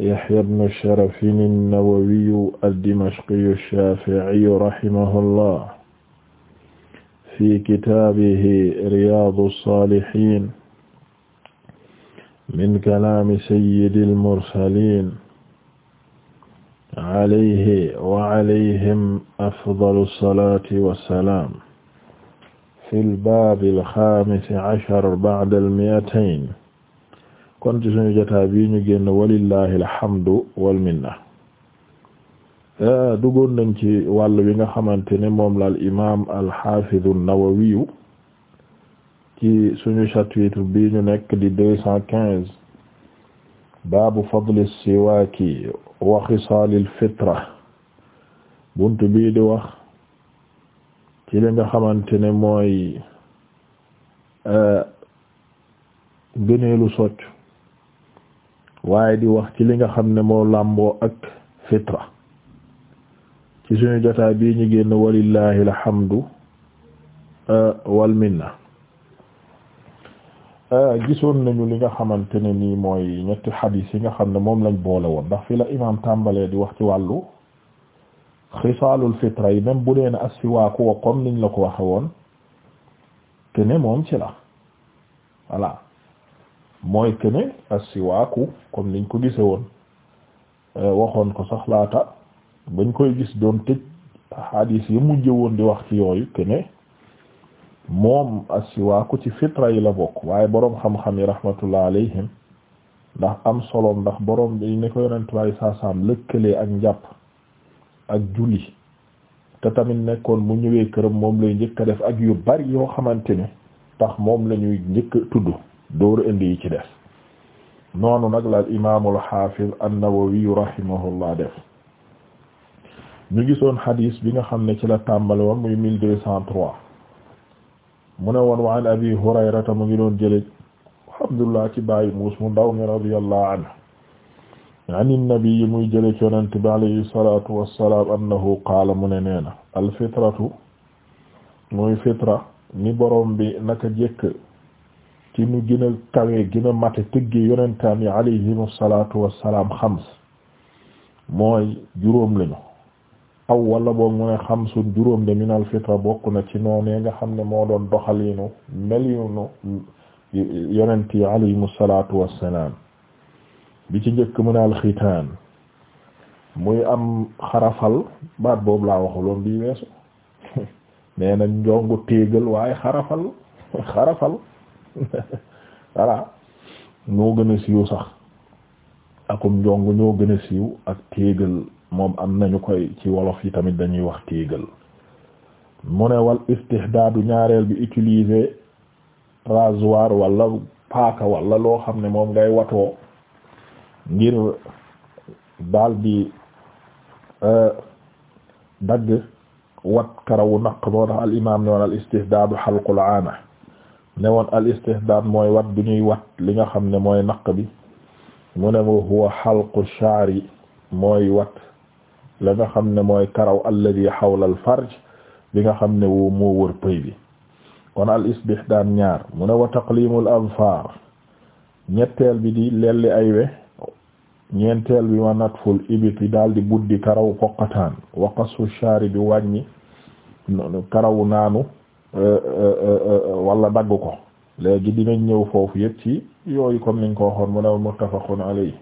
يحيى بن شرف النووي الدمشقي الشافعي رحمه الله في كتابه رياض الصالحين من كلام سيد المرسلين عليه وعليهم أفضل الصلاة والسلام في الباب الخامس عشر بعد المئتين kon ci suñu jotaay bi ñu génn walillahi alhamdu wal minna eh, duggoon nañ ci wàll wi nga xamante ne moom la al imaam al haafiz an ci suñu chapitre bi ñu nekk di deux cent quinze baabu fadli siwaaki wa xisaalil fitra bunt bii di wax ci li nga xamante ne mooy eh, gëneelu soccu waaye di wax ci li nga xam ne moo làmboo ak fitra ci suñu jotaay bii ñu génn walillahi alhamdu uh, wal minna uh, gisoon nañu li nga xamante ne nii mooy ñetti xadiis yi nga xam ne moom lañ boole woon ndax fi la imaam tàmbalee di wax ci wàllu xisaalul fitra yi même bu dee na as wa comme niñ la ko waxe woon te ne moom ci la voilà mooy kene ak siwaaku comme liñ ko gise woon euh, waxoon ko sax laata bañ koy gis doon tëj hadis yi mujj woon di wax ci yooyu kene moom as-siwaaku ci fitra yi la bokk waaye boroom xam-xam yi rahmatullah alayhim ndax am soloom ndax boroom bi ni ko yonent waaye saasaam lëkkalee ak njàpp ak julli te tamit nekkoon mu ñëwee këram moom lay njëkk a def ak yu bari yoo xamante ne tax moom lañuy ñuy njëkk tudd dooru indi yi ci def noonu nag la al imaamul xaafiz an-Nawawi rahimahullah def ñu gisoon xadiis bi nga xam ne ci la tàmbali woon muy mille deux cent trois mu ne an abi hurayrata mu ngi doon jële alhamdulillah ci bàyyi muus mu ndaw mi radiyallahu anhu an nabi muy jële ci yonent bi alayhi salatu wassalaam annahu qaala mu ne nee na alfitratu muy fitra ni borom bi naka jëkk ci nu gën a kawee gën a mate tëggee yonentaan yi alayhim asalatu wassalaam xams mooy juróom lañu aw wala boog mu ne xamsun juróom de minal fitra bokk na ci noonee nga xam ne moo doon doxalinu mel yunu yonent yi alayhim asalatu wassalaam bi ci njëkk mu ne muy am xarafal baat boobu laa waxuloon bi weesu nee na njongu téegal waaye xarafal xarafal voilà ñoo gën a siiw sax akum njong ñoo gën a siiw ak téegal moom am nañu koy ci wolof yi tamit dañuy wax téegal mu ne wal istihdaadu ñaareel bi utiliser rasoir wala paaka wala loo xam ne moom ngay watoo ngir daal di euh, dagg wat karawu naq moo tax al imaam ne wal istihdaadu xalqul aana ne won al istihdaad mooy wat bi ñuy wat li nga xam ne mooy naq bi mu ne wa huwa xalqu shaari mooy wat la nga xam ne mooy karaw alladi xawla al farj bi nga xam ne woo moo wër pëy bi kon al istihdaad ñaar mu ne wa taqlimul azfaar ñetteel bi di lelli ay we ñeenteel bi ma natful ibiti daal di buddi karaw poqataan wa qasu shaari bi wàññi karawu naanu Euh, euh, euh, wala dagg ko léegi dinañ ñëw foofu yëpp ci yooyu comme niñ ko waxoon mu new muttafaqun alayhi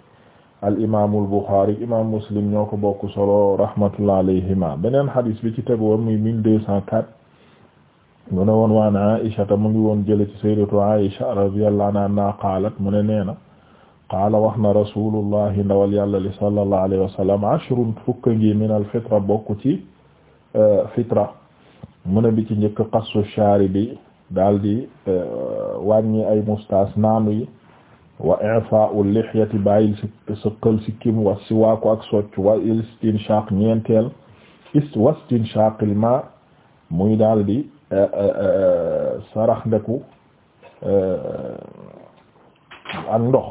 al imaamul Buxaari imaam Muslim ñoo ko bokk solo rahmatullah alayhima beneen xadis bi ci tegu woon muy mille deux cent quatre mu ne woon waan Aïcha ta mu ngi woon jële ci sayyidatu Aïcha radiyallahu anha qaalat mu ne nee na qaala wax na rasulullahi ndawal yàlla li sallallahu alayhi wa sallam ashrun fukka ngi min al fitra bokk ci fitra mu ne bi ci njëkk xassu shaari bi daal di euh, wàññi ay mustaas naanu yi wa i'fa'u lihyati bàyyil si sëqal sikkim wa siwaaku ak socc wa istinshaq ñeenteel ist wastinshaqil ma muy daal di euh, euh, sarax ndeku ak ndox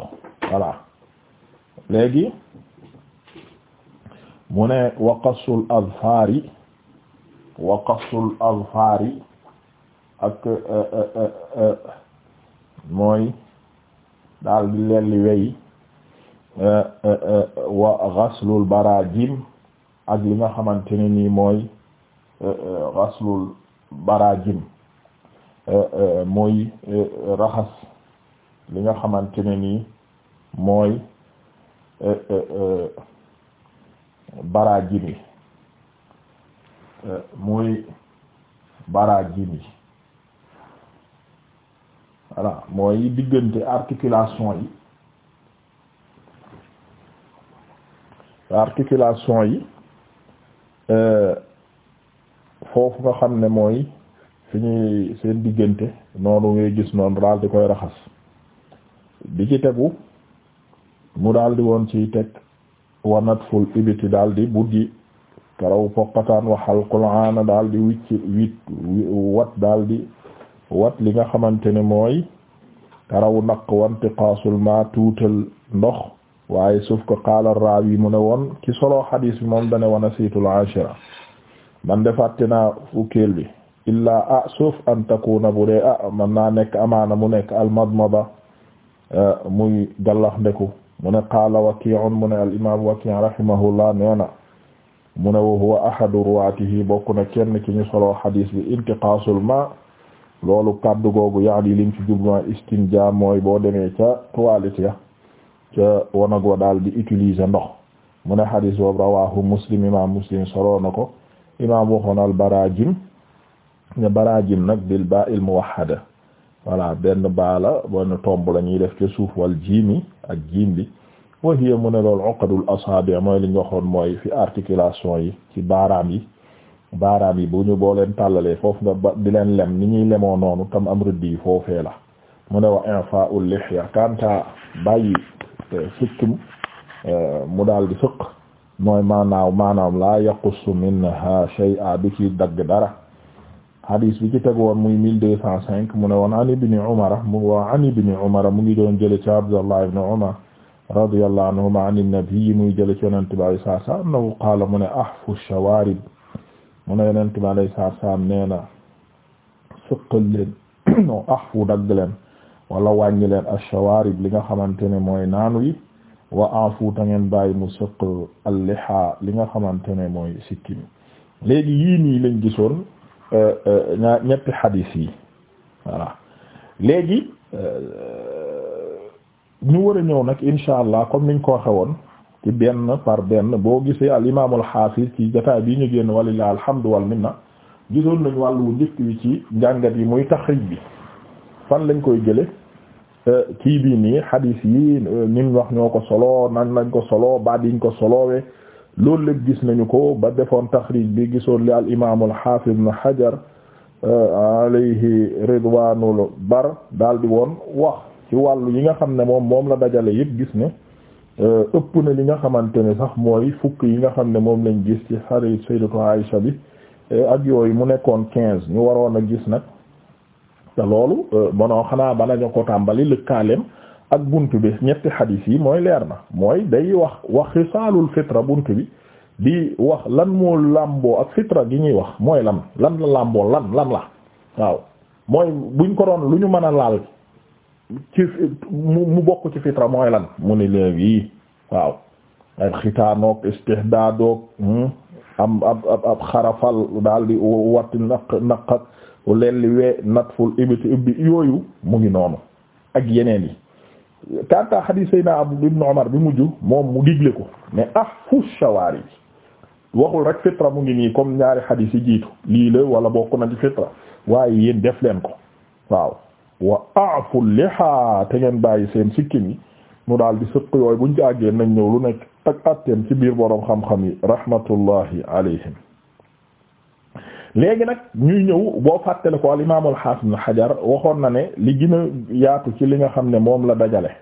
voilà léegi mu ne wa qassul azfaari wa qasul azfaari ak mooy daal di lelli wey wa ghaslul barajim ak li nga xamante ne nii mooy ghaslul barajim mooy raxas li nga xamante ne nii mooy barajim yi muy barajim yi voilà mooy diggante articulation yi articulation yi euh, foofu nga xam ne mooy fi ñuy seen diggante noonu ngay gis noonu daal di koy raxas bi ci tegu mu daldi woon ciy teg wanat ful ibiti daal di karaw poqataan wa halqul aana daal di wat daal wat li nga xamante ne mooy karaw naq wantiqaasul ma tuutal ndox waaye suuf ko qaala raawi mu ne woon ki solo xadiis bi moom dane wana siitul ashira man de fàtte naa fukkeel bi illaa ah an takuna bu dee ah man naa nekk amaana mu nekk almadmada eh, muy gallax ndeku mu ne qaala waki'un mu ne al imaam waki' rahimahullah nee mu ne wa huwa ahadu ruwaatihi bokk na kenn ci ñu solo xadis bi intiqaasul ma loolu kaddu googu yaani lim ci jublumaa istinja mooy boo demee ca toilette ya ca wanag wa daal di utiliser ndox mu ne xadis boobu rawahu muslim imam muslim solo na ko imam waxoon al barajim ne barajim nag bil ba il muwahhada voilà benn baala benn tomb la ñuy def ca suuf wal jiimi ak jiim bi wa mu ne lool uqadul asaabi' mooy li ñu waxoon mooy fi articulation yi ci baaraam yi baaraam yi bu ñu boo leen tàllalee foofu nga ba di leen lem ni ñuy lemoo noonu tam am rëdd yi la mu ne wa infa'ul lihya kanta bàyyi sikkim euh, mu daal di sëq mooy maanaaw maanaam la yaqussu minha shay'a bi ci dagg dara hadis bi ci woon muy mille deux cent cinq mu ne woon an ibni umara mu wa an ibni umara mu ngi doon jële ci abdullah ibni umar radiyallahu anhuma an nabi muy jële ci yonente bi alayhi salaatu salaam annahu mu ne ahfu shawarib mu ne yonente bi alayhi salaatu salaam nee na sëqal leen non ahfu dagg leen wala wàññi leen shawarib li nga xamante ne mooy naanu yi wa afu ta ngeen bàyyi mu sëq al li nga xamante ne mooy sikkim léegi yii nii lañ gisoon euh, euh, ñetti xadiis yi euh, ñu war a ñëw nag insha allah comme niñ ko waxe woon ci benn par benn boo gisee al imaamul xaafis ci jotaay bii ñu génn walilah alhamdu wal minna gisoon nañ wàll wu njëkk wi ci njàngat yi muy taxrij bi fan lañ koy jële euh, kii bii nii xadiis yi euh, nim wax ñoo ko solo nan lañ ko solo baat yiñ ko solowee loolu lépp gis nañu ko ba defoon taxrij bi gisoon li al imaamul xaafis ibn Hajar euh, alayhi ridwaanul bar daal woon wax ci wàllu yi nga xam ne moom moom la dajale yëpp gis ne euh, ëpp na li nga xamante ne sax mooy fukk yi nga xam ne moom lañ gis ci xarit Sayyidatu so bi euh, ak yooyu mu nekkoon quinze ñu waroon a gis nag te loolu euh, bonoo xanaa bala ñu ko tàmbali lëkkaaleem ak bunt bi ñetti xadis yi mooy leer na mooy day wax wax xisaalul fitra bunt bi di wax lan moo làmboo ak fitra gi ñuy wax mooy lan lan la làmboo lan lan la waaw mooy buñ ko doon lu ñu mën a laal ci mu bokk ci fitra mooy lan mu ni léegi waaw ay xitaanoog istihdadoog hmm, am ab ab ab xarafal daal di watti naq naqat lelli we natful ibti yooyu mu ngi noonu ak yeneen yi kanta yi sayna abu ibn umar bi mujj moom mu digle ko mais ah fu shawaari bi waxul rek fitra mu ngi nii comme ñaari hadis yi jiitu lii la wala bokk na ci fitra waaye yéen def leen ko waaw wa a'fu liha te ngeen bàyyi seen sikkim yi mu daal di sëq yooyu buñ ci nañ ñëw lu nekk ak atteem ci biir boroom xam-xam yi rahmatullahi alayhim léegi nag ñuy ñëw boo fàttale ko al imaam al haafid waxoon na ne li gën a yaatu ci li nga xam ne moom la dajale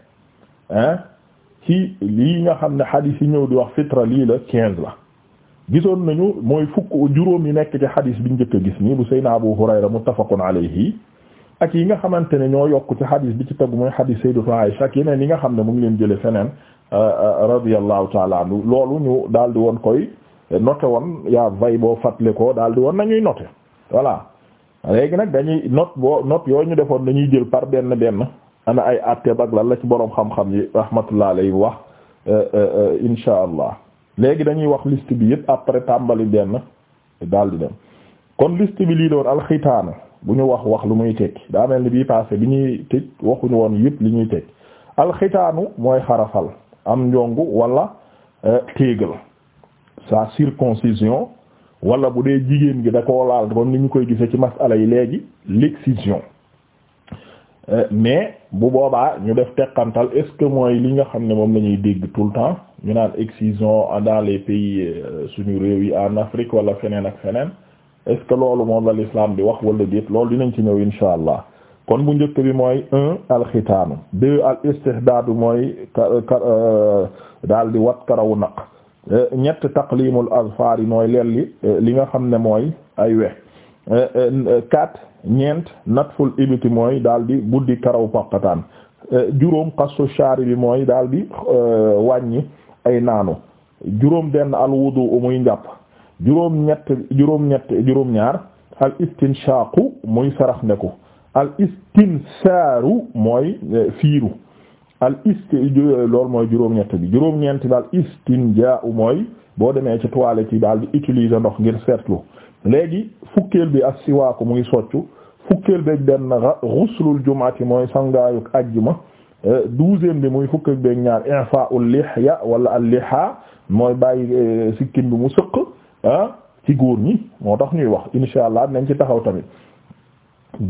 hein ci lii nga xam ne xadiis yi ñëw di wax fitra lii la quinze la gisoon nañu mooy fukk juróom yi nekk ci xadiis biñ njëkk a gis nii bu sayna abu hurayra muttafaqun alayhi ak yi nga xamante ne ñoo yokk ci xadis bi ci tegu mooy xadis sayyidatu Aisha ak yeneen yi nga xam ne mu ngi leen jële feneen euh, euh, radiyallahu taala anhu loolu ñu daal di woon koy noté woon yaa vay boo fàttali ko daal di woon nañuy noté voilà léegi nag dañuy note boo note yooyu ñu defoon dañuy jël par benn benn ana ay àtteeb ak lan la ci boroom xam-xam yi rahmatullah alayhi wax euh, insha allah léegi dañuy wax liste bi yëpp après tàmbali benn daldi di dem kon liste bi lii doon alxitaana bu ñu wax wax lu muy tekki daa mel ni bii passé bi ñuy tëj waxuñu woon yëpp li ñuy tekki alxitaanu mooy xarafal am njongu wala euh, téegal sa circoncision wala bu dee jigéen gi da koo laal kon ni ñu koy gisee ci masala yi léegi l'excision euh, mais bu boobaa ñu def teqantal est-ce que mooy li nga xam ne moom la ñuy dégg tout le temps ñu naan excision dans les pays euh, suñu réew yi en Afrique wala feneen ak feneen est loolu moom la l'islam bi wax wala déet loolu dinañ ci ñëw insha allah kon bu njëkk bi mooy un alxitaanu deux al mooy euh, daal di wat karawu naq euh, ñett taqlimul azfaar yi mooy lelli euh, li nga xam ne mooy ay wex quatre ñeent natful ibiti mooy daal di buddi karaw paqataan juróom xasu shaari bi mooy daal di wàññi ay naanu juróom benn alwudu muy njàpp juróom ñett juróom ñett juróom ñaar al istinshaqu muy sarax ndeku al istinsaru mooy e, fiiru al isti loolu mooy juróom ñett bi juróom ñeent bi al istinjaa'u mooy boo demee ci toilette yi daal di utiliser ndox ngir seetlu léegi fukkeel bi as siwaaku muy soccu fukkeel beeg benn ghuslul jumu'ati mooy sangaayuk ajjuma e, douzième bi muy fukkeel beeg ñaar i'faa'ul lihya wala al mooy bàyyi e, sikkim bi mu sëq Ah, ci góor ñi moo tax ñuy wax insha allah nañ ci taxaw tamit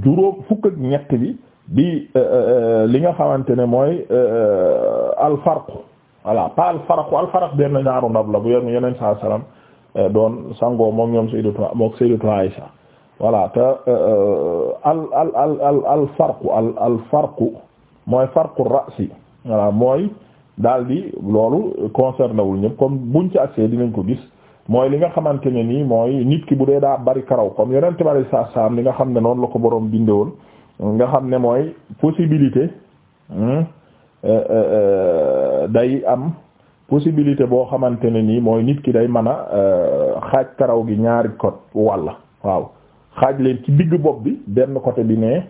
juróom fukk ak ñett bi di euh, euh, li nga xamante ne mooy euh, alfarqu voilà pas alfarqu benn ñaaru ndab la yeneen saa salaam doon sangoo moom ñoom Sayyidatu mook Sayyidatu Aisha voilà te al al al al alfarqu al alfarqu mooy farqu ra'si voilà mooy daal di loolu concerné wul ñëpp comme buñ ci accès dinañ ko gis mooy li nga xamante ne nii mooy nit ki bu dee daa bari karaw comme yonent bari saa saam li nga xam ne noonu la ko boroom bindewoon nga xam ne mooy possibilité hmm, euh, euh, euh, day am possibilité boo xamante ne nii mooy nit ki day mën a xaaj karaw gi ñaari côté walla waaw xaaj leen ci digg bopp bi benn côté bi ne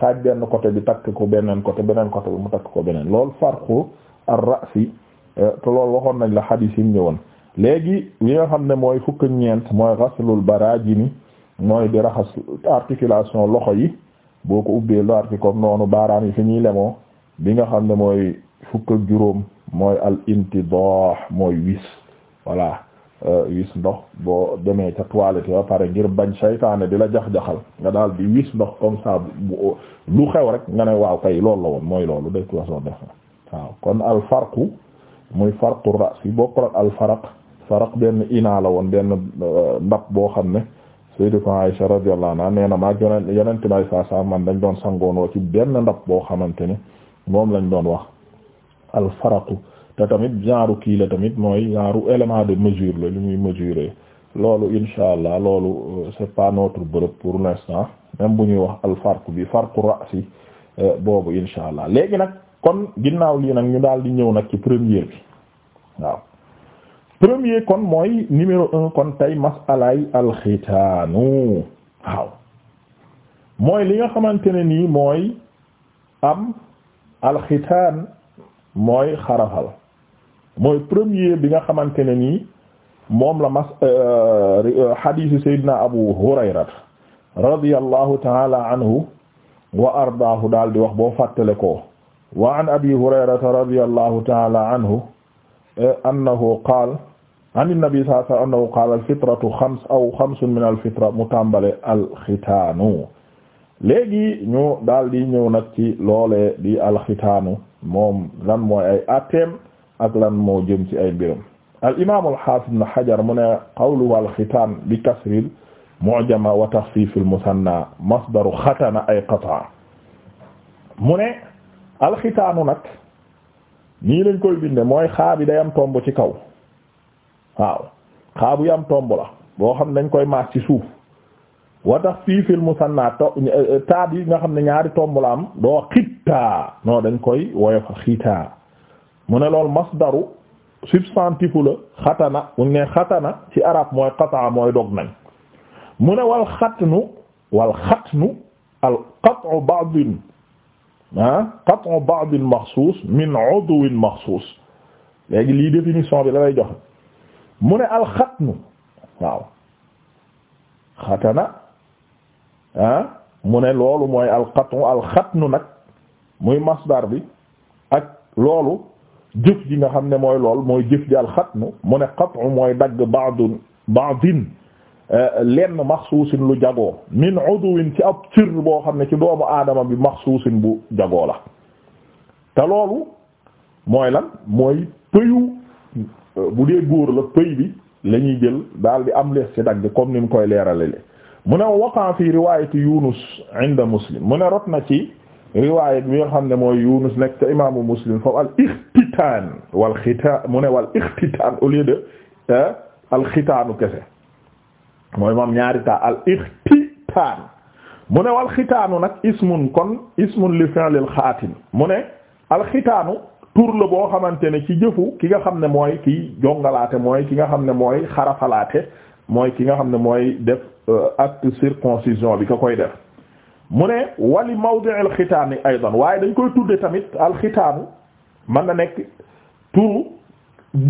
xaaj benn côté bi takk ko beneen côté beneen côté bi mu takk ko beneen loolu farqu ar-ra'si te loolu waxoon nañ la xadiis yi ñëwoon léegi li nga xam ne mooy fukk ñeent mooy ghaslul barajini mooy di raxas articulation loxo yi boo ko ubbee lu arti noonu baaraam yi fi ñuy lemoo bi nga xam ne mooy fukk juróom mooy al intidah mooy wis voilà euh, wis ndox boo demee ca toilette ba pare ngir bañ saytaane di la jax-jaxal nga daal di wis ndox comme ça lu xew rek nga ne waaw kay loolu la woon mooy loolu de toute façon def na waaw kon al farqu muy farqu ra'si bokkul ak al faraq saraq benn inaa la woon benn euh, ndab boo xam ne sayyidatu Aisha radiyallahu anha nee na maag yonent yonent bay saa saa man dañ doon sangoonoo ci benn ndab boo xamante ne moom lañ doon wax al faraqu te tamit ñaaru kii la tamit mooy ñaaru élément de mesure la li muy mesurer loolu insha allah loolu euh, c'est pas notre bërëb pour l'instant même bu ñuy wax al farq bi farqu ra'si euh, boobu insha allah léegi nag kon ginnaaw lii nag ñu daal di ñëw nag ci première premier kon mooy numéro un kon tey masalaay alxitaanu waaw mooy li nga xamante ne nii mooy am alxitaan mooy xarafal mooy premier bi nga xamante ne nii moom la mas euh, euh, xadiisu sayyidina abu hurayra radiyallahu taala anhu wa ardaahu daal di wax boo fàttale ko wa abi hurayrata radiyallahu taala anhu eh, qaal an nabi sallallahu alayhi wa sallam annahu qaala alfitratu xams aw xamsun min alfitra mu tàmbale alxitaanu léegi ñu daal di ñëw nag ci loolee di alxitaanu moom lan mooy ay atteem ak lan moo jëm ci ay mbiram al imaam al haafiz ibn hajar mu ne qawluhu alxitaan bi kasril mu'jama wa taxfiifil musanna masdaru xatana ay qataa mu ne alxitaanu nag nii lañ koy binde mooy xaa bi day ci kaw waaw xaabu yam tomb la boo xam ne dañ koy maas ci suuf wa tax fii fil musanna nga xam ne ñaari tomb la am doo xittaa non dañ koy woyofa xitaa mu ne lool masdaru substantifu la xatana mu ne xatana ci arab mooy qataa mooy dog nañ mu ne wal xatnu wal xatnu al qat'u ba'din ah qat'u ba'din maxsuus min 'udwin maxsuus léegi lii définition bi da lay joxe mu ne alxatnu waaw xatana ah, mu ne loolu mooy alxatnu alxatnu nag muy masdar bi ak loolu jëf ji nga xam ne mooy lool mooy jëf ji alxatnu mu ne qat'u mooy dagg ba'dun ba'din eh, lenn maxsuusin lu jagoo min uduwin ci ab cir boo xam ne ci doomu aadama bi maxsuusin bu jagoo la te loolu mooy lan mooy pëyu bu dee góor la pëy bi lañuy ñuy jël daal di am lees ci dagg comme ni mu koy leeralale mu ne waqa fi riwaayati Yunus inda Muslim mu ne rot na ci riwaayat bi nga xam ne mooy Yunus nekk ca imaamu Muslim foofu al ixtitaan wal xitaan mu ne wal al xitaanu kese mooy moom ñaari taa al ixtitaan wal xitaanu nag ismun kon ismun li fi'lil xaatim mu ne al xitaanu tur la boo xamante ne ci jëfu ki nga xam ne mooy ki jongalaate mooy ki nga xam ne mooy xarafalaate mooy ki nga xam ne mooy def euh, acte circoncision bi ka koy def mu ne wali mawdi' al xitaan yi aydan waaye dañ koy tudde tamit al man mën na nekk turu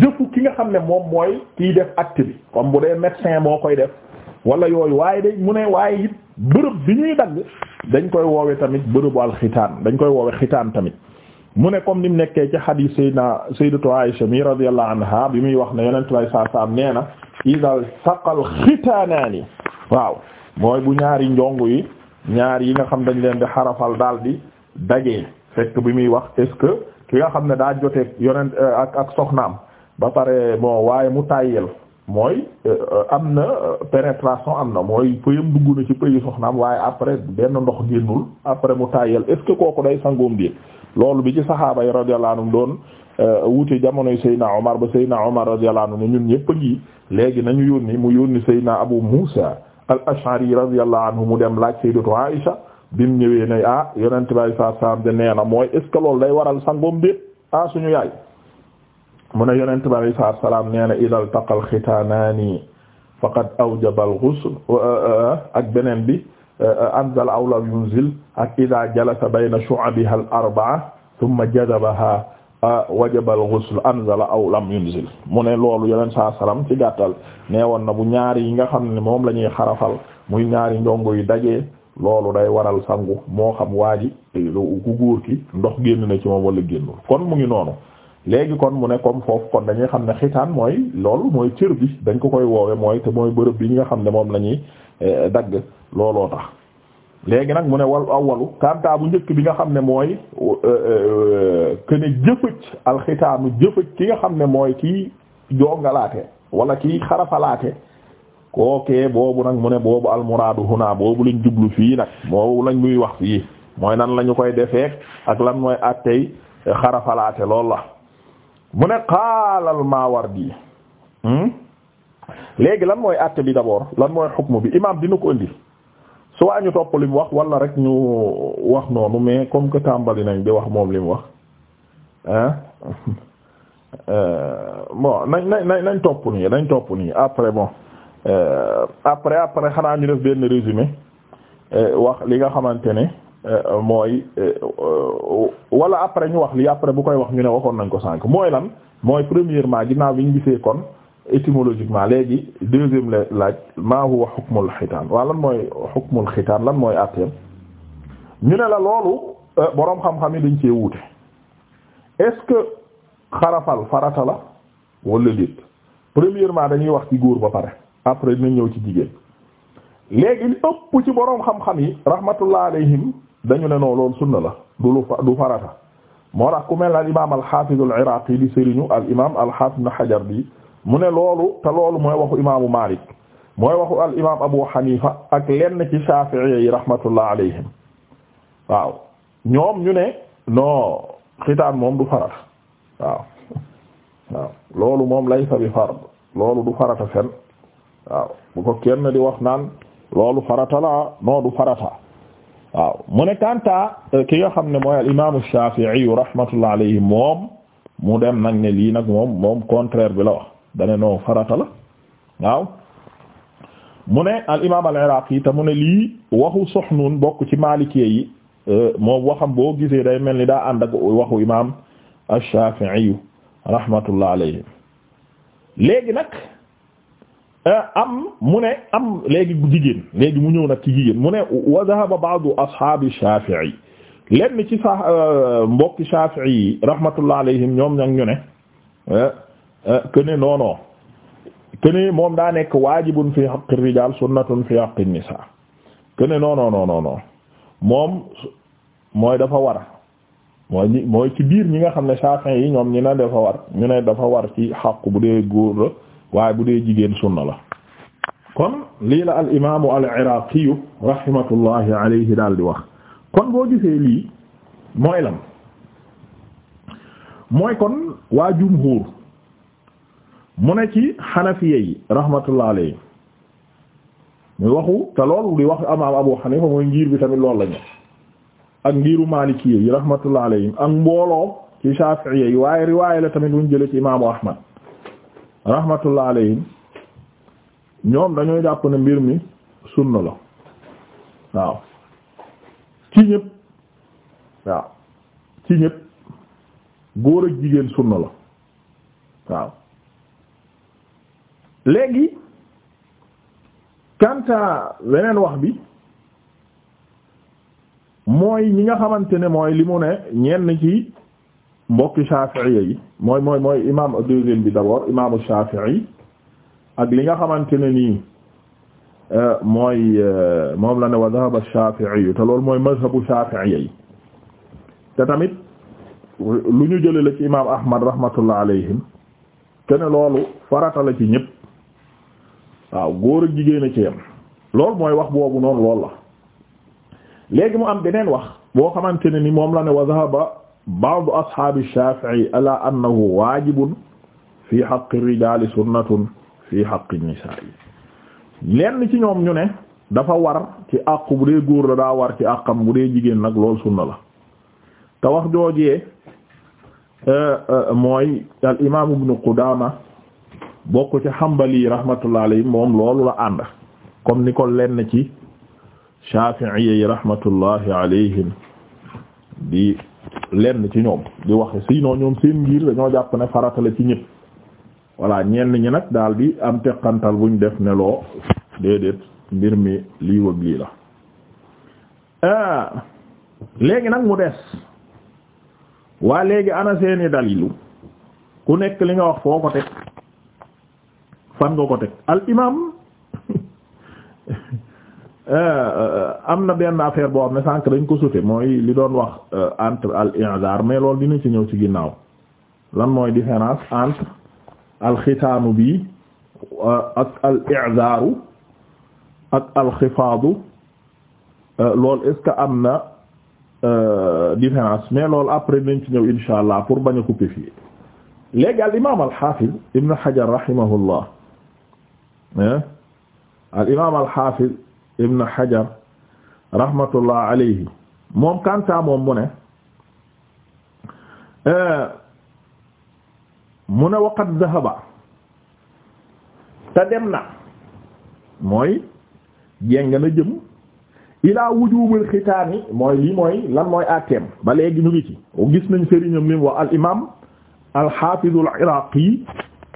jëfu ki nga xam ne moom mooy kiy def acte bi comme bu dee médecin moo koy def wala yooyu waaye dañ mu ne waaye it bërëb bi ñuy dagg dañ koy woowe tamit bërëbu al dañ koy woowe xitaan tamit mu ne comme ni mu nekkee ci hadith sayyidina sayyidatu Aisha mi radiyallahu anha bi muy wax ne yonent bay saa saam nee na izal saqal xitaanaani waaw mooy bu ñaari njong yi ñaar yi nga xam dañ leen di xarafal daal di dajee fekk bi muy wax est ki nga xam ne daa jotee yonent ak ak soxnaam ba pare bon waaye mu tàyyeel mooy euh, euh, am na euh, pénétration am na mooy pëyam dugg na ci pëyu soxnaam waaye après benn ndox génnul après mu tàyyal est-ce que kooku day sangoom déet loolu bi ci saxaaba yi radiyallahu anhum doon wute jamonoy Seydina Omar ba Seydina Omar radiyallahu anhu ñun ñëpp ngi léegi nañu yónni mu yónni Seydina Abu Musa al-Ash'ari radiyallahu anhu mu dem laaj Sayyidatu Aïsha bi mu ñëwee ne ah yonent bi sallallahu alayhi wasallam nee na mooy est loolu day waral sangoom déet ah suñu yaay mu ne yonent bi alayhi salaatu wa salaam nee na idha altaqa alxitaanaani faqad awjaba alghusl ak beneen bi anzal aw lam yunzil ak idha jalasa bayna shu'abiha al-arba'a thumma jadabaha wajaba al-ghusl anzala aw lam yunzil mu ne loolu yonent saa salaam ci gàttal nee woon na bu ñaari yi nga xam ne moom la ñuy xarafal muy ñaari ndongo yu dajee loolu day waral sangu moo xam waa ji ku góor ki ndox génn na ci moom wala génnul kon mu ngi noonu. léegi kon mu ne comme foofu kon dañuy xam ne xitaan mooy loolu mooy cër bi dañ ko koy woowe mooy te mooy bërëb bi ñi nga xam ne moom la ñuy eh, dagg looloo tax léegi nag mu ne wal awwalu kanta bu njëkk bi nga xam ne mooy eh, eh, que ne ki nga xam ne mooy kii jongalaate wala kii xarafalaate kookee boobu nag mu ne boobu almuraadu huna boobu lañ jublu fii nag boobu lañ muy wax fii mooy nan lañu koy defee ak lan mooy attey xarafalaate loolu la mu ne xaalal Maawardi hmm? léegi lan mooy àtte bi d'abord lan mooy xukmu bi imaam dina ko indi su waa ñu topp li wax walla rek ñu wax noonu mais comme que tàmbali nañ di wax moom li mu wax ah bon nañ nañ nañ topp nii nañ topp nii après bon euh, après après xanaa ñu def benn résumé euh, wax li nga xamante ne. Euh, mooy euh, wala après ñu wax li après bu koy wax ñu ne waxoon nañ ko sànq mooy lan mooy premièrement ginaaw bi ñu gisee kon étymologiquement léegi deuxième la laaj ma huwa hukmul xitaan waaw lan mooy hukmul xitaan lan mooy àtteem ñu ne la loolu euh, boroom xam-xam yi dañ cee wuute est-ce que xarafal farata la wala déet premièrement dañuy wax ci góor ba pare après dinañ ñëw ci jigéen léegi li ëpp ci boroom xam-xam yi rahmatullah alayhim dañu ne noo loolu sunna la du farata moo tax ku mel ne al imaam al xaafiz al iraaqi di sëriñu al imaam al xaafiz ibn xajar bi mu ne loolu te loolu mooy waxu imaamu Maalik mooy waxu al imaam Abu Xanifa ak lenn ci Shaafi'i yi rahmatullah alayhim waaw ñoom ñu ne non xitaan moom du farata waaw waaw loolu moom laysa bi fard loolu du farata fen waaw bu ko kenn di wax naan loolu farata la non du farata. waaw mu ne Kanta euh, ki nga xam ne mooy al imaamu Shaafi'i rahmatullah alayhi moom mu dem nag ne lii nag moom moom contraire bi la wax dane noo farata la waaw mu ne al imaam al Iraaqi te mu ne lii waxu Suhnun bokk ci maalikee yi euh, moom waxam boo gisee day mel ni daa ànd ak waxu imaam al Shaafi'i rahmatullah alayhi léegi Euh, am mu ne am léegi jigéen léegi mu ñëw nag ci jigéen mu ne wa dhahaba ba'du ashaabi Shaafi'i lenn ci sax euh, mbokki Shaafi'i yi rahmatullah alayhim ñoom ñag ñu ne euh, que ne non non moom daa nekk waajibun fi haqqi rijaal sunnatun fi haqqi nisaa que ne non non non moom mooy dafa war mooy ñi mooy ci biir ñi nga xam ne Shaafi'i yi ñoom ñi ne dafa war ñu ne dafa war ci xaq bu dee góor waaye bu dee jigéen sunna la kon lii la al imaamu al iraaqiyu rahmatullahi alayhi daal di wax kon boo gisee lii mooy la mooy kon waa jumhuur mu ne ci xanafiya yi rahmatullahi alayhi muy waxu te loolu di wax imaam abu xanifa mooy ngir bi tamit loolu la ñu ak ngiru maalikiya yi rahmatullahi alayhim ak mbooloo ci shaafiiya yi waaye riwaaya la tamit wuñ jële ci imaamu ahmad rahmatullah alayhim ñoom dañoo jàpp ne mbir mi sunna la waaw ci ñëpp waaw ci ñëpp góor ak jigéen sunna la waaw léegi kanta weneen wax bi mooy ñi nga xamante ne mooy li mu ne ñenn ci mbokki Shafi'i yi mooy mooy mooy imam deuxième bi d'abord imaamu Shafi'i ak li nga xamante ne nii euh, mooy euh, moom la ne wa dhahaba Shafi'i te loolu mooy mazhabu Shafi'i yi te tamit lu ñu jëlee la ci imam Ahmad rahmatullah alayhim te loolu farata la ci ñëpp waaw góor ak jigéen a ci yem loolu mooy wax boobu noonu loolu la léegi mu am beneen wax boo xamante ne ni moom la ne wa ba'du ashaabi shaafi'i ala annahu waajibun fi haqqi rijaali sunnatun fi haqqi nisaa'i lenn ci ñoom ñu ne dafa war ci àq bu dee góor la daa war ci àqam bu dee jigéen nag lool sunna la te wax joojee euh, euh, mooy al imaam ibnu Qudaama bokk ci Hanbali rahmatullahi alayhi moom loolu la ànd comme ni ko lenn ci Shaafi'i yi rahmatullahi alayhim di lenn ci ñoom di wax sinon ñoom seen ngir dañoo jàpp ne farata ci ñëpp voilà ñenn ñi nag daal di am bu buñ def ne déedéet mbir mi lii wëg lii la ah, léegi nag mu des waa léegi ana seeni dalilu ku nekk li nga wax foo ko teg fan nga ko teg al imam Euh, euh, am na benn affaire boo xam ne sànq dañ ko sute mooy li doon wax euh, entre al i'zar mais loolu dina ci ñëw ci ginnaaw lan mooy différence entre al xitaanu bi ak al i'zaru ak al xifaadu loolu est-ce am na différence mais loolu après dinañ ci ñëw insha allah pour bañ fii léegi al imaam al xaafiz ibn Hajar rahimahullah al imaam al xaafiz ibn Hajar rahmatullah alayhi moom kanta moom mu ne eh, mu ne waqat zahaba te dem na mooy jéng na jëm ilaa wujubul xitaani mooy lii mooy lan mooy àtteem ba léegi ñu ngi ci gis nañ sëriñam li mu wax al imam al hafiz al iraqi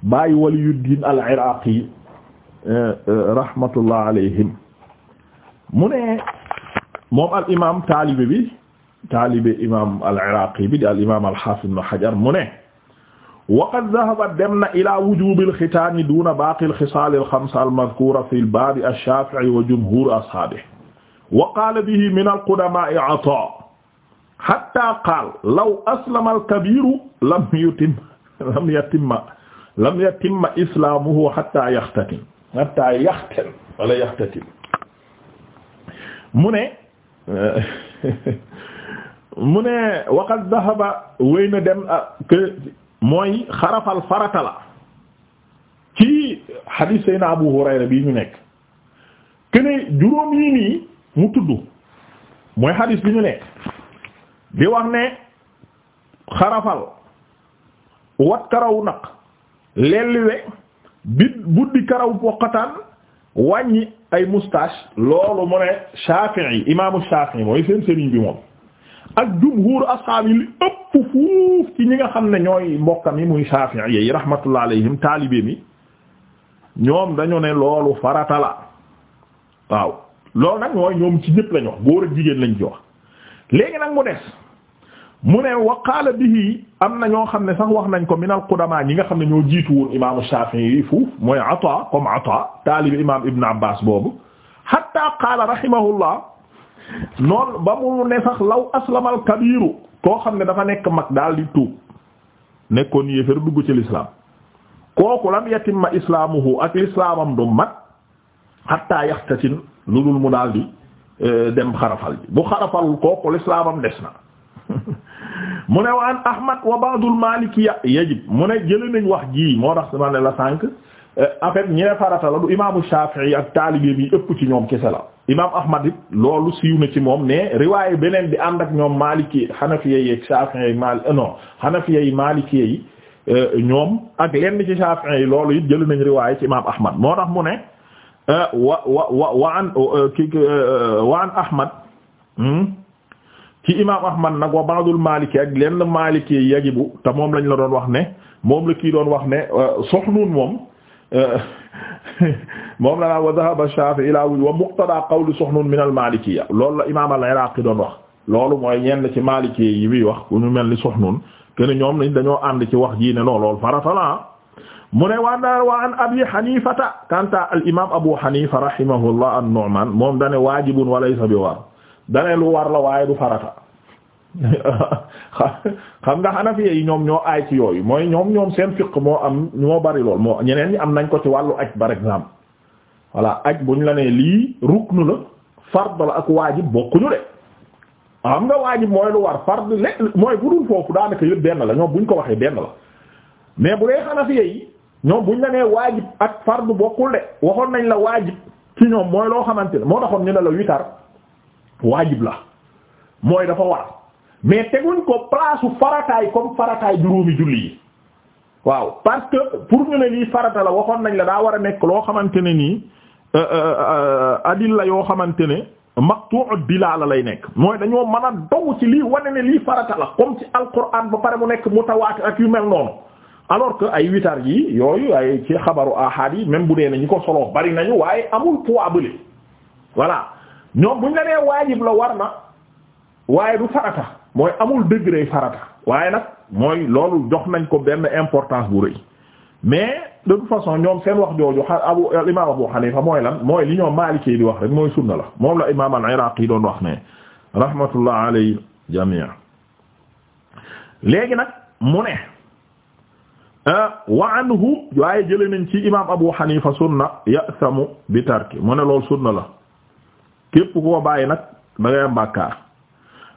bàyyi al eh, eh, rahmatullah alayhim mu ne moom al imaam taalibe bi taalibe imaam al iraqi bi di al imaam al xaafid ibn hajar mu ne waqad dahaba dem na ila wujubi alxitaani duna baaqi alxisaali alxamsa almadkuura fi lbaabi alshaafi'i wa jumhuur ashaabihi wa qaala bihi min alqudamaa'i ataa hatta qaala law aslama alkabiiru lam yutim lam yatimma lam yatimma islaamuhu hatta yaxtatim hatta yaxtatim wala yaxtatim mu ne mu ne waqad dhahaba wéy na dem ah, que mooy xarafal farata la ci hadith sayna Abu Hurayra bii ñu nekk que ne juróom yi nii mu tudd mooy hadith bi ñu nekk di wax ne xarafal wat karaw naq lelliwe bid buddi karaw poqataan wàññi ay moustache loolu mu ne Shafi'i imaamu Shafi'i mooy seen sëriñ bi moom ak jumhuur ashaab yi li ëpp fuuf ci ñi nga xam ne ñooy mbokkam yi muy Shafi'i yi rahmatullah alayhim taalibe mi ñoom dañu ne loolu farata la waaw loolu nag mooy ñoom ci ñëpp lañu wax góor ak jigéen lañu ci wax léegi nag mu des mu ne wa qaala bihi am na ñoo xam ne sax wax nañ ko min al qudama ñi nga xam ne ñoo jiitu woon imaamu Shafi'i yi fuuf mooy Ata comme Ata taalibi imaam Ibn Abbas boobu hatta qaala rahimahullah noonu ba mu ne sax law aslama al kabiru koo xam ne dafa nekk mag daal di tuub nekkoon yéefar dugg ci l'islam kooku lam yatimma islaamuhu ak lislaamam du mat hatta yaxtasin lu dul mu daal di eh, dem xarafal ji bu xarafal kooku lislaamam des na mu ne waan Ahmad wa ba'dul Malikiyya yajib mu ne jëlee nañ wax jii moo tax dama ne la sànq eh, en fait ñee farata la du imaamu Shafi'i ak taalibe bi ëpp ci ñoom kese la. imaam Ahmad it loolu siiw na ci moom ne riwaayu beneen bi ànd ak ñoom Maliki Hanafiyya yi ak Shafi'i yi Mali eh, non Hanafiyya yi eh, ñoom ak lenn ci Shafi'i yi loolu it jëlee nañ ci imaam Ahmad moo tax mu ne wa wa wa waan ki waan Ahmad. Hmm? ci imaam Ahmad nag wa ba'dul maliki ak lenn maliki yajibu te moom lañ la doon wax ne moom la kii doon wax ne euh, soxnuun moom euh, moom la naa wa dhahaba Shafi'i ila wa muqtada qawli soxnuun min al malikiyya loolu la imaam al-Iraqi doon wax loolu mooy ñenn ci maliki yi bi wax ku ñu mel ni soxnuun kene ñoom lañ dañoo ànd ci wax jii ne non loolu farata la mu ne waa daan waa an abi hanifata kanta al imam abu hanifa rahimahullah an-Nu'man moom dane waajibun wa laysa bi war dane lu war la waaye du farata xam nga xanafiye yi ñoom ñoo aay ci yooyu mooy ñoom ñoom seen fiq moo am ñoo bari lool moo ñeneen ñi am nañ ko ci wàllu aj par exemple voilà aj buñ la nee lii ruknu la fard la ak waajib bokkuñu de xam nga waajib mooy lu war fard le mooy bu dul foofu daanaka yëpp benn la ñoom buñ ko waxee benn la mais bu dee xanafiye yi ñoom buñ la nee waajib ak fard bokkul de waxoon nañ la waajib ci ñoom mooy loo xamante ne moo taxoon ñu ne la witar waajib la mooy dafa war mais teguñ ko place su farataay comme farataay juróomi julli yi waaw parce que pour ñu ne lii farata la waxoon nañ la daa war a nekk loo xamante ne nii euh, euh, euh, adil la yoo xamante ne maqtu'u la lay nekk mooy dañoo mën a dogg ci lii wane ne lii farata la comme ci alquran ba pare mu nekk mu mutawaatir ak yu mel noonu alors que ay witar yi yooyu ay ci xabaru ahad yi même bu dee ne ñi ko soloo bari nañu waaye amul poids bële voilà. ñoom buñ la nee waajib la war na waaye du farata mooy amul degré farata waaye nag mooy loolu jox nañ ko benn importance bu rëy mais de toute façon ñoom seen wax jooju xa abu abu xanifa mooy lan mooy li ñoom maalikee di wax rek mooy sunna la moom la imaam al-iraqi doon wax ne rahmatullah alay jamii léegi nag mu ne euh, wa anhu waaye jële nañ ci imaam abu xanifa sunna ya'samu bi tarki mu ne loolu sunna la képp ku ko bàyyi nag da ngay am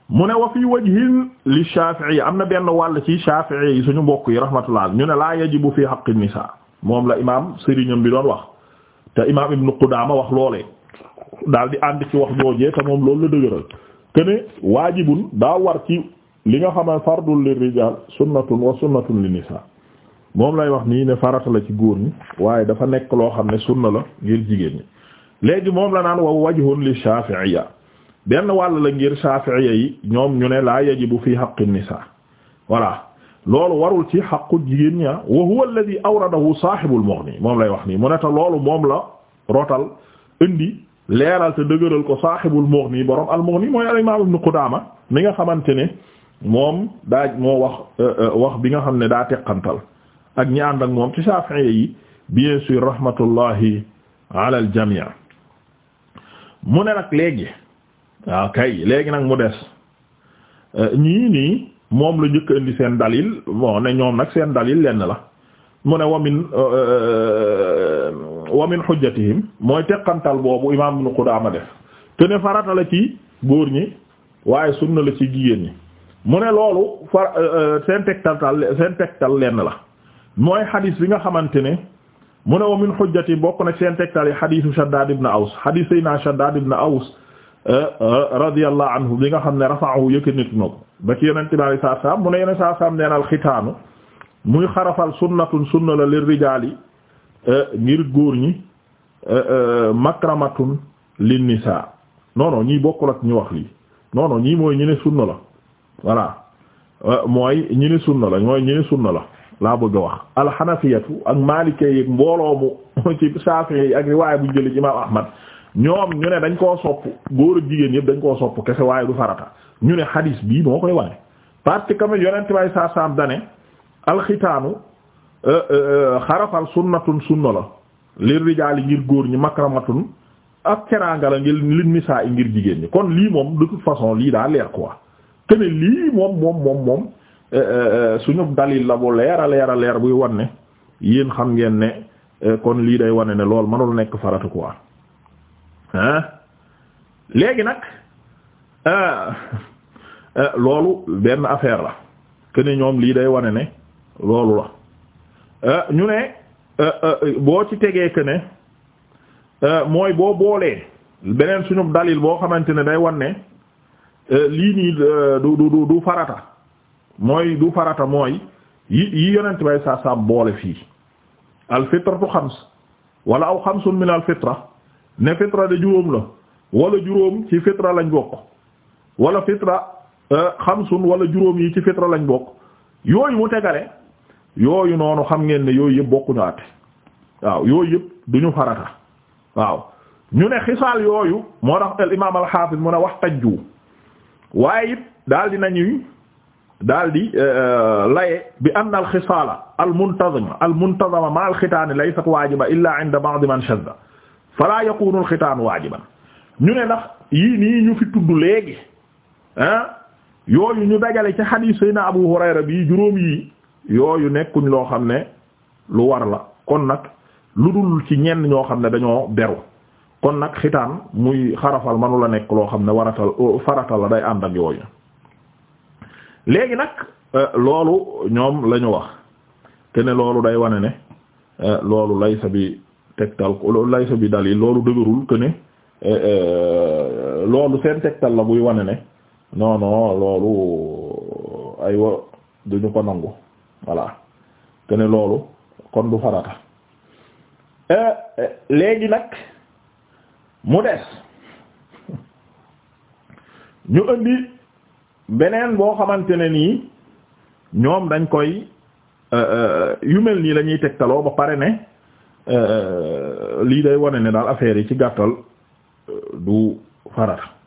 mu ne wa fi wajhin li Shafi'i am na benn wàll ci Shafi'i yi suñu mbokk yi rahmatullah ñu ne laa yajibu fi haqqi nisa moom la imaam sëriñam bi doon wax te imaam Ibn Qudaama wax loolee daal di ànd ci wax joojee te moom loolu la dëgëral te ne waajibun daa war ci li nga xam ne li rijaal sunnatun wa sunnatun li nisa moom lay wax nii ne farata la ci góor ñi waaye dafa nekk loo xam ne sunna la ngir jigéen ñi. léegi moom la naan wa wajhun li shafi'iyya benn wàll la ngir shafi'iyya yi ñoom ñu ne laa yajibu fi haqqi nisa voilà loolu warul ci xaqu jigéen ñi wa huwa alladhi awradahu sahibul mughni moom lay wax nii mu ne te loolu moom la rotal indi leeral te dëgëral ko sahibul mughni borom al mughni mooy al imam ibn qudama mi nga xamante ne moom daa moo wax euh, euh, wax bi nga xam ne daa teqantal ak ñi ànd ak moom ci shafi'iyya yi bien sûr rahmatullahi ala al jami' mu ne nag léegi waaw kay léegi nag mu des euh, ñii nii moom la njëkk indi seen daliil bon ne ñoom nag seen dalil lenn la mu ne wamin euh, euh, wamin xujjatihim mooy teqantal boobu imaam Ibnu Qudaama def te ne farata la ci góor ñi waaye sunna la ci jigéen ñi mu ne loolu far seen tegtal seen tegtal lenn la mooy xadiis bi nga xamante ne mu ne wa min hujjati bokk na seen tegtal yi hadiisu Shaddaad ibn Aws hadiis Seydina Shaddaad ibn Aws eh, eh, radiyallahu anhu bi nga xam ne rafa'ahu yëkkanit na ko ba ci yonente bi alai saatu salaam mu ne yonent saat salaam neenal xitaanu muy xarafal sunnatun sunna la lir rijaali eh, ngir góor ñi makramatun lin nisaa non non ñii bokkul ak ñu wax lii non non ñii mooy ñu ne sunna la voilà mooy ñi ne sunna la mooy ñi ne sunna la laa bëgg a wax alxanafiyatu ak maalikee yi mbooloo mu ci Shafi'i yi ak riwaaya bu jëlee ci imaam Ahmad ñoom ñu ne dañ koo sopp góor ak jigéen yëpp dañ koo sopp kese waaye du farata ñu ne xadiis bii moo koy wane parce que comme yonent bay saa saam dane alxitaanu euh, euh, xarafal sunnatun sunna la lir rijaali ngir góor ñi makramatun ak teraanga la ngir lin nisaa yi ngir jigéen ñi kon lii moom de toute façon lii daa leer quoi te ne lii moom moom moom moom Eh, eh, eh, suñu dalil la bu leer a leer buy wan ne yéen xam ngeen ne kon lii day wane ne loolu mënul nekk farata quoi léegi nag loolu benn affaire la ñoom lii day wane ne loolu ñu ne boo ci tegee que ne mooy boo boolee beneen suñu dalil boo xamante ne day wan ne lii nii du du du farata. mooy du farata mooy yi yi yonent bay saa saa boole fii al fitratu xams wala aw xamsun min al fitra ne fitra de juróom la wala juróom ci fitra lañ bokk wala fitra euh, xamsun wala juróom yi ci fitra lañ bokk yooyu mu tegale yooyu noonu xam ngeen ne yooyu yëpp bokkuñu àtte waaw yooyu yëpp duñu farata waaw ñu ne xisaal yooyu moo tax al imaam al xaafis mu ne wax tajju waaye it dal di nañuy daal di euh, euh, laye bi anna al xisaala al muntazima al muntazima ma al xitaani laysat waajiba illa inda ba'd man shadda fala yakunu al xitaan waajiban ñu ne ndax yii nii ñu fi tudd léegi ah yooyu ñu dajale ci xadiis sayna Abu Hurayra bii juróom yii yooyu nekkuñ loo xam ne lu war la kon nag lu dul ci ñenn ñoo xam ne dañoo beru kon nag xitaan muy xarafal mënu la nekk loo xam ne waratal farata la day ànd ak yooyu léegi nag euh, loolu ñoom la ñu wax te loolu day wane ne euh, loolu laysa bi tegtal loolu laysa bi dalil loolu dëgërul que euh, loolu seen tegtal la buy wane ne non loolu ay wa duñu ko nangu voilà te loolu kon du farata léegi nag mu des ñu indi beneen boo xamante ne nii ñoom dañ koy euh, euh, yu mel nii lañuy ñuy tegtaloo ba pare ne euh, lii day wane ne daal affaire yi ci gàttal du farata